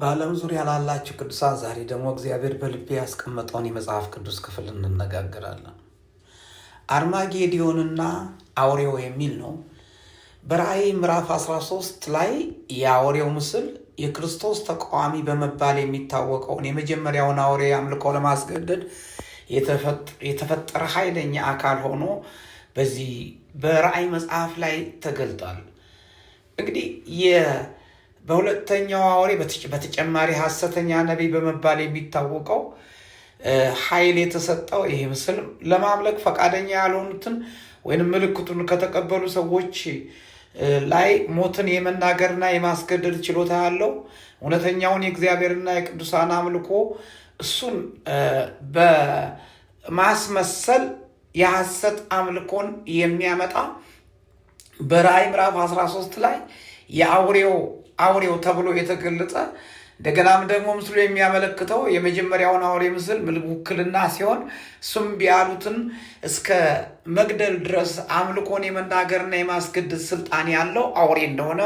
በዓለም ዙሪያ ላላችሁ ቅዱሳን ዛሬ ደግሞ እግዚአብሔር በልቤ ያስቀመጠውን የመጽሐፍ ቅዱስ ክፍል እንነጋገራለን። አርማጌዲዮንና አውሬው የሚል ነው። በራእይ ምዕራፍ 13 ላይ የአውሬው ምስል የክርስቶስ ተቃዋሚ በመባል የሚታወቀውን የመጀመሪያውን አውሬ አምልኮ ለማስገደድ የተፈጠረ ኃይለኛ አካል ሆኖ በዚህ በራእይ መጽሐፍ ላይ ተገልጧል። እንግዲህ በሁለተኛው አውሬ በተጨማሪ ሐሰተኛ ነቢይ በመባል የሚታወቀው ኃይል የተሰጠው ይህ ምስል ለማምለክ ፈቃደኛ ያልሆኑትን ወይም ምልክቱን ከተቀበሉ ሰዎች ላይ ሞትን የመናገርና የማስገደድ ችሎታ ያለው እውነተኛውን የእግዚአብሔርና የቅዱሳን አምልኮ እሱን በማስመሰል የሐሰት አምልኮን የሚያመጣ በራእይ ምዕራፍ 13 ላይ የአውሬው አውሬው ተብሎ የተገለጸ እንደገናም ደግሞ ምስሉ የሚያመለክተው የመጀመሪያውን አውሬ ምስል ምልክ ውክልና ሲሆን እሱም ቢያሉትን እስከ መግደል ድረስ አምልኮን የመናገርና የማስገደድ ስልጣን ያለው አውሬ እንደሆነ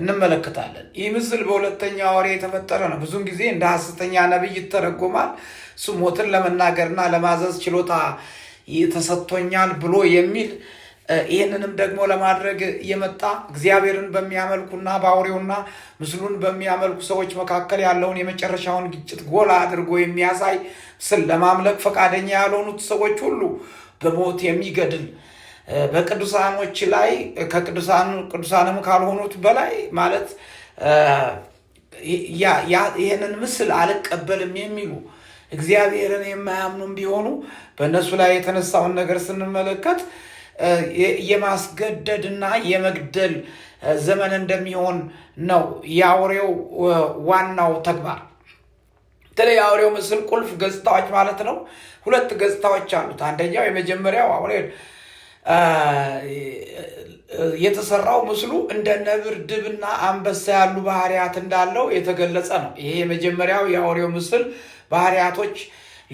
እንመለከታለን። ይህ ምስል በሁለተኛው አውሬ የተፈጠረ ነው። ብዙን ጊዜ እንደ ሐሰተኛ ነቢይ ይተረጎማል። እሱ ሞትን ለመናገርና ለማዘዝ ችሎታ ተሰጥቶኛል ብሎ የሚል ይህንንም ደግሞ ለማድረግ የመጣ እግዚአብሔርን በሚያመልኩና በአውሬውና ምስሉን በሚያመልኩ ሰዎች መካከል ያለውን የመጨረሻውን ግጭት ጎላ አድርጎ የሚያሳይ ምስል ለማምለክ ፈቃደኛ ያልሆኑት ሰዎች ሁሉ በሞት የሚገድል በቅዱሳኖች ላይ ከቅዱሳንም ቅዱሳንም ካልሆኑት በላይ ማለት ይህንን ምስል አልቀበልም የሚሉ እግዚአብሔርን የማያምኑም ቢሆኑ በእነሱ ላይ የተነሳውን ነገር ስንመለከት የማስገደድና የመግደል ዘመን እንደሚሆን ነው የአውሬው ዋናው ተግባር። በተለይ የአውሬው ምስል ቁልፍ ገጽታዎች ማለት ነው። ሁለት ገጽታዎች አሉት። አንደኛው የመጀመሪያው አውሬ የተሰራው ምስሉ እንደ ነብር፣ ድብና አንበሳ ያሉ ባህሪያት እንዳለው የተገለጸ ነው። ይሄ የመጀመሪያው የአውሬው ምስል ባህሪያቶች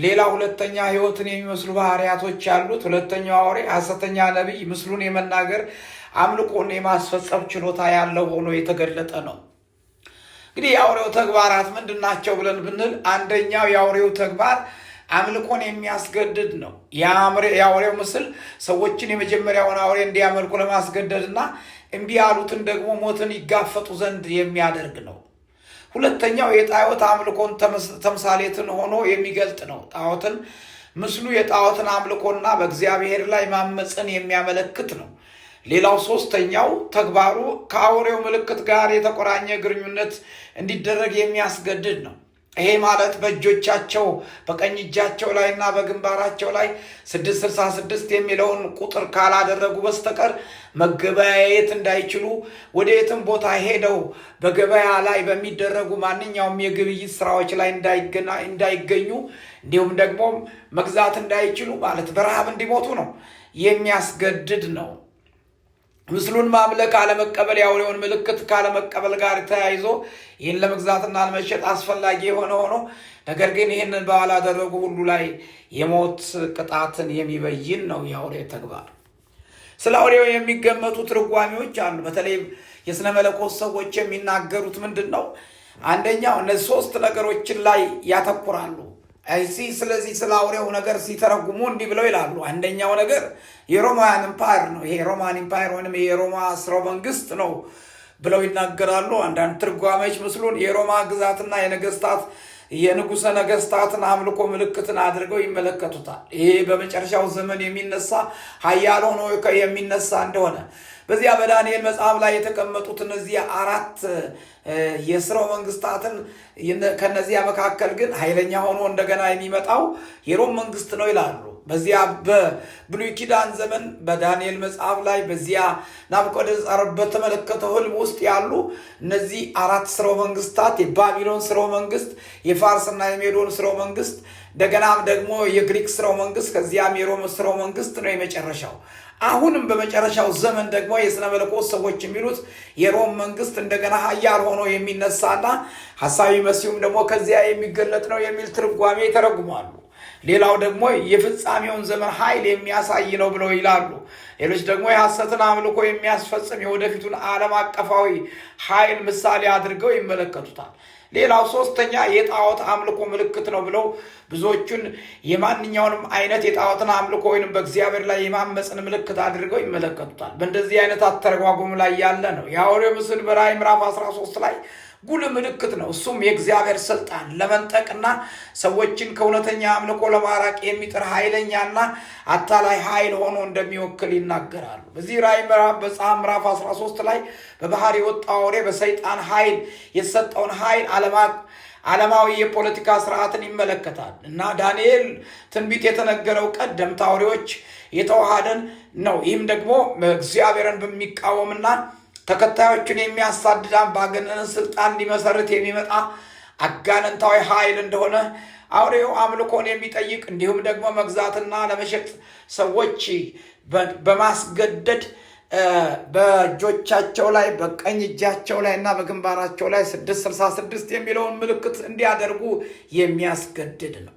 ሌላ ሁለተኛ ህይወትን የሚመስሉ ባህሪያቶች ያሉት ሁለተኛው አውሬ ሐሰተኛ ነቢይ ምስሉን የመናገር አምልኮን የማስፈጸም ችሎታ ያለው ሆኖ የተገለጠ ነው። እንግዲህ የአውሬው ተግባራት ምንድን ናቸው ብለን ብንል አንደኛው የአውሬው ተግባር አምልኮን የሚያስገድድ ነው። የአውሬው ምስል ሰዎችን የመጀመሪያውን አውሬ እንዲያመልኩ ለማስገደድ እና እምቢ ያሉትን ደግሞ ሞትን ይጋፈጡ ዘንድ የሚያደርግ ነው። ሁለተኛው የጣዖት አምልኮን ተምሳሌትን ሆኖ የሚገልጥ ነው። ጣዖትን ምስሉ የጣዖትን አምልኮና በእግዚአብሔር ላይ ማመፅን የሚያመለክት ነው። ሌላው ሶስተኛው ተግባሩ ከአውሬው ምልክት ጋር የተቆራኘ ግንኙነት እንዲደረግ የሚያስገድድ ነው። ይሄ ማለት በእጆቻቸው በቀኝ እጃቸው ላይ እና በግንባራቸው ላይ ስድስት ስልሳ ስድስት የሚለውን ቁጥር ካላደረጉ በስተቀር መገበያየት እንዳይችሉ ወደ የትም ቦታ ሄደው በገበያ ላይ በሚደረጉ ማንኛውም የግብይት ስራዎች ላይ እንዳይገኙ እንዲሁም ደግሞ መግዛት እንዳይችሉ ማለት በረሃብ እንዲሞቱ ነው የሚያስገድድ ነው። ምስሉን ማምለክ አለመቀበል የአውሬውን ምልክት ካለመቀበል ጋር ተያይዞ ይህን ለመግዛትና ለመሸጥ አስፈላጊ የሆነ ሆኖ ነገር ግን ይህንን ባላደረጉ ሁሉ ላይ የሞት ቅጣትን የሚበይን ነው የአውሬ ተግባር። ስለ አውሬው የሚገመቱ ትርጓሚዎች አሉ። በተለይ የሥነ መለኮት ሰዎች የሚናገሩት ምንድን ነው? አንደኛው እነዚህ ሶስት ነገሮችን ላይ ያተኩራሉ። እዚ ስለዚህ ስለ አውሬው ነገር ሲተረጉሙ እንዲህ ብለው ይላሉ። አንደኛው ነገር የሮማውያን ኢምፓየር ነው። ይሄ ሮማን ኢምፓየር ወይም የሮማ ስርወ መንግስት ነው ብለው ይናገራሉ። አንዳንድ ትርጓሜዎች ምስሉን የሮማ ግዛትና የነገስታት የንጉሰ ነገስታትን አምልኮ ምልክትን አድርገው ይመለከቱታል። ይሄ በመጨረሻው ዘመን የሚነሳ ሀያል ሆኖ የሚነሳ እንደሆነ በዚያ በዳንኤል መጽሐፍ ላይ የተቀመጡት እነዚህ አራት የስራው መንግስታትን ከነዚያ መካከል ግን ኃይለኛ ሆኖ እንደገና የሚመጣው የሮም መንግስት ነው ይላሉ። በዚያ በብሉይ ኪዳን ዘመን በዳንኤል መጽሐፍ ላይ በዚያ ናቡከደነጾር በተመለከተው ህልም ውስጥ ያሉ እነዚህ አራት ስርወ መንግስታት የባቢሎን ስርወ መንግስት፣ የፋርስና የሜዶን ስርወ መንግስት፣ እንደገናም ደግሞ የግሪክ ስርወ መንግስት፣ ከዚያም የሮም ስርወ መንግስት ነው የመጨረሻው። አሁንም በመጨረሻው ዘመን ደግሞ የስነ መለኮት ሰዎች የሚሉት የሮም መንግስት እንደገና ሀያል ሆኖ የሚነሳና ሐሳዊ መሲሁም ደግሞ ከዚያ የሚገለጥ ነው የሚል ትርጓሜ ይተረጉማሉ። ሌላው ደግሞ የፍጻሜውን ዘመን ኃይል የሚያሳይ ነው ብለው ይላሉ። ሌሎች ደግሞ የሐሰትን አምልኮ የሚያስፈጽም የወደፊቱን ዓለም አቀፋዊ ኃይል ምሳሌ አድርገው ይመለከቱታል። ሌላው ሶስተኛ የጣዖት አምልኮ ምልክት ነው ብለው ብዙዎቹን የማንኛውንም አይነት የጣዖትን አምልኮ ወይም በእግዚአብሔር ላይ የማመፅን ምልክት አድርገው ይመለከቱታል። በእንደዚህ አይነት አተረጓጎም ላይ ያለ ነው። የአውሬው ምስል በራእይ ምዕራፍ 13 ላይ ጉል ምልክት ነው። እሱም የእግዚአብሔር ስልጣን ለመንጠቅና ሰዎችን ከእውነተኛ አምልኮ ለማራቅ የሚጥር ኃይለኛና አታላይ ኃይል ሆኖ እንደሚወክል ይናገራሉ። በዚህ ራእይ ምዕራፍ በመጽሐፍ ምዕራፍ 13 ላይ በባህር የወጣ አውሬ በሰይጣን ኃይል የተሰጠውን ኃይል አለማት ዓለማዊ የፖለቲካ ስርዓትን ይመለከታል እና ዳንኤል ትንቢት የተነገረው ቀደምት አውሬዎች የተዋሃደን ነው። ይህም ደግሞ እግዚአብሔርን በሚቃወምና ተከታዮቹን የሚያሳድድ አምባገነንን ስልጣን እንዲመሰርት የሚመጣ አጋንንታዊ ኃይል እንደሆነ አውሬው አምልኮን የሚጠይቅ እንዲሁም ደግሞ መግዛትና ለመሸጥ ሰዎች በማስገደድ በእጆቻቸው ላይ በቀኝ እጃቸው ላይ እና በግንባራቸው ላይ ስድስት ስልሳ ስድስት የሚለውን ምልክት እንዲያደርጉ የሚያስገድድ ነው።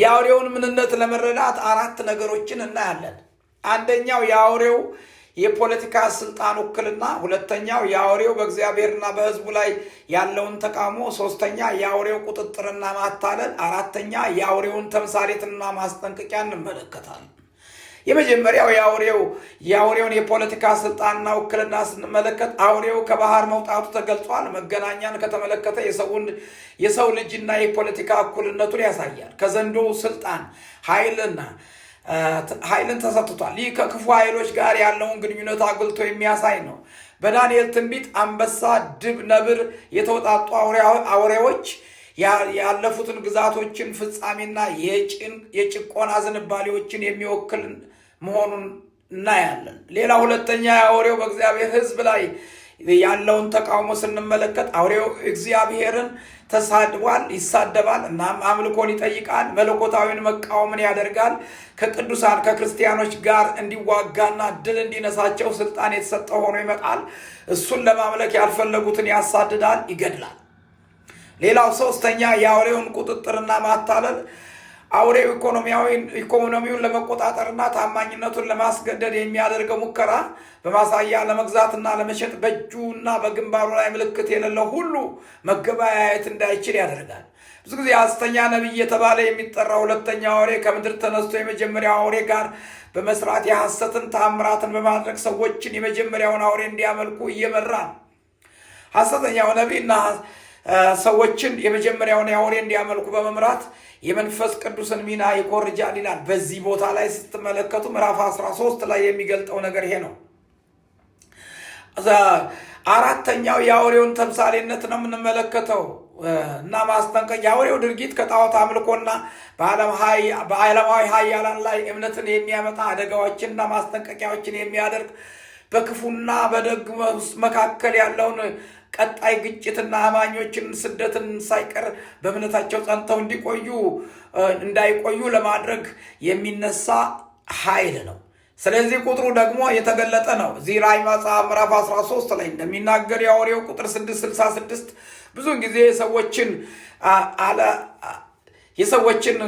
የአውሬውን ምንነት ለመረዳት አራት ነገሮችን እናያለን። አንደኛው የአውሬው የፖለቲካ ስልጣን ውክልና፣ ሁለተኛው የአውሬው በእግዚአብሔርና በሕዝቡ ላይ ያለውን ተቃውሞ፣ ሶስተኛ የአውሬው ቁጥጥርና ማታለል፣ አራተኛ የአውሬውን ተምሳሌትና ማስጠንቀቂያ እንመለከታለን። የመጀመሪያው የአውሬው የአውሬውን የፖለቲካ ስልጣንና ውክልና ስንመለከት አውሬው ከባህር መውጣቱ ተገልጿል። መገናኛን ከተመለከተ የሰውን የሰው ልጅና የፖለቲካ እኩልነቱን ያሳያል። ከዘንዶው ስልጣን ኃይልና ኃይልን ተሰጥቷል። ይህ ከክፉ ኃይሎች ጋር ያለውን ግንኙነት አጉልቶ የሚያሳይ ነው። በዳንኤል ትንቢት አንበሳ፣ ድብ፣ ነብር የተውጣጡ አውሬዎች ያለፉትን ግዛቶችን ፍጻሜና የጭቆና ዝንባሌዎችን የሚወክል መሆኑን እናያለን። ሌላ ሁለተኛ የአውሬው በእግዚአብሔር ሕዝብ ላይ ያለውን ተቃውሞ ስንመለከት አውሬው እግዚአብሔርን ተሳድቧል፣ ይሳደባል። እናም አምልኮን ይጠይቃል፣ መለኮታዊን መቃወምን ያደርጋል። ከቅዱሳን ከክርስቲያኖች ጋር እንዲዋጋና ድል እንዲነሳቸው ስልጣን የተሰጠ ሆኖ ይመጣል። እሱን ለማምለክ ያልፈለጉትን ያሳድዳል፣ ይገድላል። ሌላው ሶስተኛ የአውሬውን ቁጥጥርና ማታለል አውሬው ኢኮኖሚውን ለመቆጣጠርና ታማኝነቱን ለማስገደድ የሚያደርገው ሙከራ በማሳያ ለመግዛትና ለመሸጥ በእጁና በግንባሩ ላይ ምልክት የሌለው ሁሉ መገበያየት እንዳይችል ያደርጋል። ብዙ ጊዜ አስተኛ ነቢይ እየተባለ የሚጠራ ሁለተኛ አውሬ ከምድር ተነስቶ የመጀመሪያ አውሬ ጋር በመስራት የሐሰትን ታምራትን በማድረግ ሰዎችን የመጀመሪያውን አውሬ እንዲያመልኩ እየመራ ነው። ሐሰተኛው ነቢይ ሰዎችን የመጀመሪያውን ያውሬ እንዲያመልኩ በመምራት የመንፈስ ቅዱስን ሚና ይኮርጃል ይላል። በዚህ ቦታ ላይ ስትመለከቱ ምዕራፍ 13 ላይ የሚገልጠው ነገር ይሄ ነው። አራተኛው የአውሬውን ተምሳሌነት ነው የምንመለከተው እና ማስጠንቀቅ የአውሬው ድርጊት ከጣዖት አምልኮና በዓለማዊ ሀያላን ላይ እምነትን የሚያመጣ አደጋዎችንና ማስጠንቀቂያዎችን የሚያደርግ በክፉና በደግ መካከል ያለውን ቀጣይ ግጭትና አማኞችን ስደትን ሳይቀር በእምነታቸው ጸንተው እንዲቆዩ እንዳይቆዩ ለማድረግ የሚነሳ ኃይል ነው። ስለዚህ ቁጥሩ ደግሞ የተገለጠ ነው። እዚህ ራዕይ መጽሐፍ ምዕራፍ 13 ላይ እንደሚናገር የአውሬው ቁጥር 666 ብዙውን ጊዜ የሰዎችን አለ የሰዎችን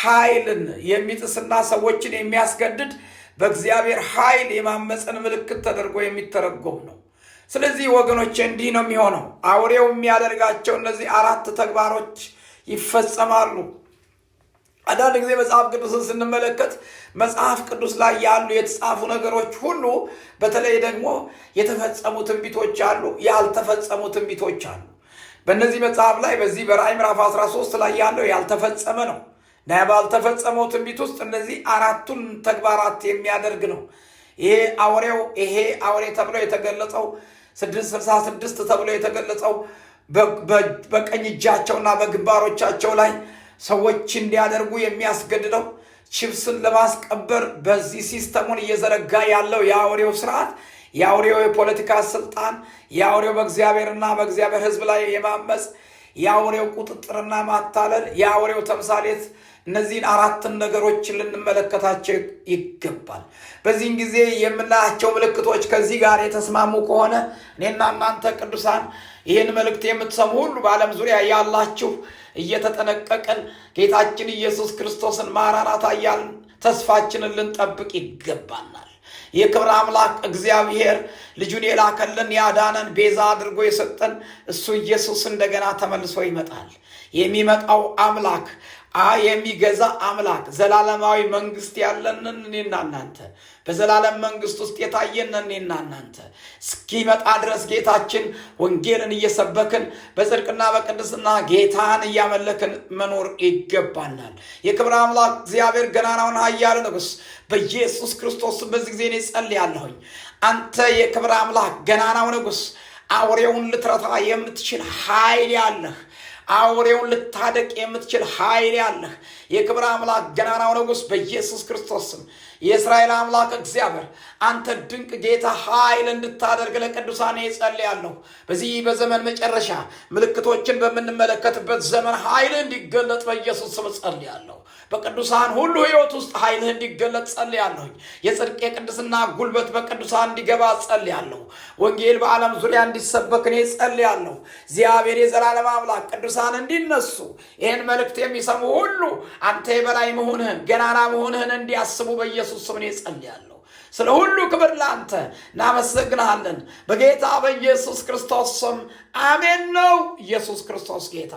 ኃይልን የሚጥስና ሰዎችን የሚያስገድድ በእግዚአብሔር ኃይል የማመፀን ምልክት ተደርጎ የሚተረጎም ነው። ስለዚህ ወገኖች እንዲህ ነው የሚሆነው። አውሬው የሚያደርጋቸው እነዚህ አራት ተግባሮች ይፈጸማሉ። አንዳንድ ጊዜ መጽሐፍ ቅዱስን ስንመለከት መጽሐፍ ቅዱስ ላይ ያሉ የተጻፉ ነገሮች ሁሉ በተለይ ደግሞ የተፈጸሙ ትንቢቶች አሉ፣ ያልተፈጸሙ ትንቢቶች አሉ። በእነዚህ መጽሐፍ ላይ በዚህ በራእይ ምዕራፍ 13 ላይ ያለው ያልተፈጸመ ነው እና ባልተፈጸመው ትንቢት ውስጥ እነዚህ አራቱን ተግባራት የሚያደርግ ነው። ይሄ አውሬው ይሄ አውሬ ተብሎ የተገለጸው ስድስት ተብሎ የተገለጸው በቀኝ እጃቸውና በግንባሮቻቸው ላይ ሰዎች እንዲያደርጉ የሚያስገድደው ቺፕስን ለማስቀበር በዚህ ሲስተሙን እየዘረጋ ያለው የአውሬው ስርዓት የአውሬው የፖለቲካ ስልጣን የአውሬው በእግዚአብሔርና በእግዚአብሔር ሕዝብ ላይ የማመፅ የአውሬው ቁጥጥርና ማታለል፣ የአውሬው ተምሳሌት እነዚህን አራትን ነገሮችን ልንመለከታቸው ይገባል። በዚህን ጊዜ የምናያቸው ምልክቶች ከዚህ ጋር የተስማሙ ከሆነ እኔና እናንተ ቅዱሳን ይህን መልእክት የምትሰሙ ሁሉ በዓለም ዙሪያ ያላችሁ እየተጠነቀቅን ጌታችን ኢየሱስ ክርስቶስን ማራናታ እያልን ተስፋችንን ልንጠብቅ ይገባናል። የክብር አምላክ እግዚአብሔር ልጁን የላከልን ያዳነን ቤዛ አድርጎ የሰጠን እሱ ኢየሱስ እንደገና ተመልሶ ይመጣል። የሚመጣው አምላክ የሚገዛ አምላክ ዘላለማዊ መንግስት ያለንን እኔና እናንተ በዘላለም መንግስት ውስጥ የታየን እኔና እናንተ እስኪመጣ ድረስ ጌታችን ወንጌልን እየሰበክን በጽድቅና በቅድስና ጌታን እያመለክን መኖር ይገባናል። የክብር አምላክ እግዚአብሔር ገናናውን ኃያል ንጉስ በኢየሱስ ክርስቶስ በዚህ ጊዜ እኔ ጸልያለሁኝ። አንተ የክብር አምላክ ገናናው ንጉስ አውሬውን ልትረታ የምትችል ኃይል ያለህ አውሬውን ልታደቅ የምትችል ኃይል ያለህ የክብር አምላክ ገናናው ንጉሥ በኢየሱስ ክርስቶስም የእስራኤል አምላክ እግዚአብሔር አንተ ድንቅ ጌታ ኃይል እንድታደርግ ለቅዱሳን እጸልያለሁ። በዚህ በዘመን መጨረሻ ምልክቶችን በምንመለከትበት ዘመን ኃይል እንዲገለጥ በኢየሱስ ስም እጸልያለሁ። በቅዱሳን ሁሉ ህይወት ውስጥ ኃይልህ እንዲገለጥ ጸልያለሁኝ። የጽድቅ የቅድስና ጉልበት በቅዱሳን እንዲገባ ጸልያለሁ። ወንጌል በዓለም ዙሪያ እንዲሰበክ እኔ ጸልያለሁ። እግዚአብሔር የዘላለም አምላክ ቅዱሳን እንዲነሱ ይህን መልእክት የሚሰሙ ሁሉ አንተ የበላይ መሆንህን ገናና መሆንህን እንዲያስቡ በኢየሱስ ስም እኔ ጸልያለሁ። ስለ ሁሉ ክብር ለአንተ እናመሰግናለን። በጌታ በኢየሱስ ክርስቶስ ስም አሜን። ነው ኢየሱስ ክርስቶስ ጌታ